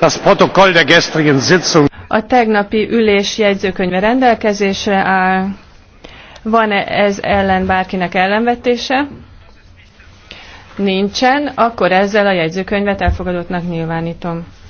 Das Protokoll der gestrigen Sitzung. A tegnapi ülés jegyzőkönyve rendelkezésre áll. Van-e ez ellen bárkinek ellenvetése? Nincsen, akkor ezzel a jegyzőkönyvet elfogadottnak nyilvánítom.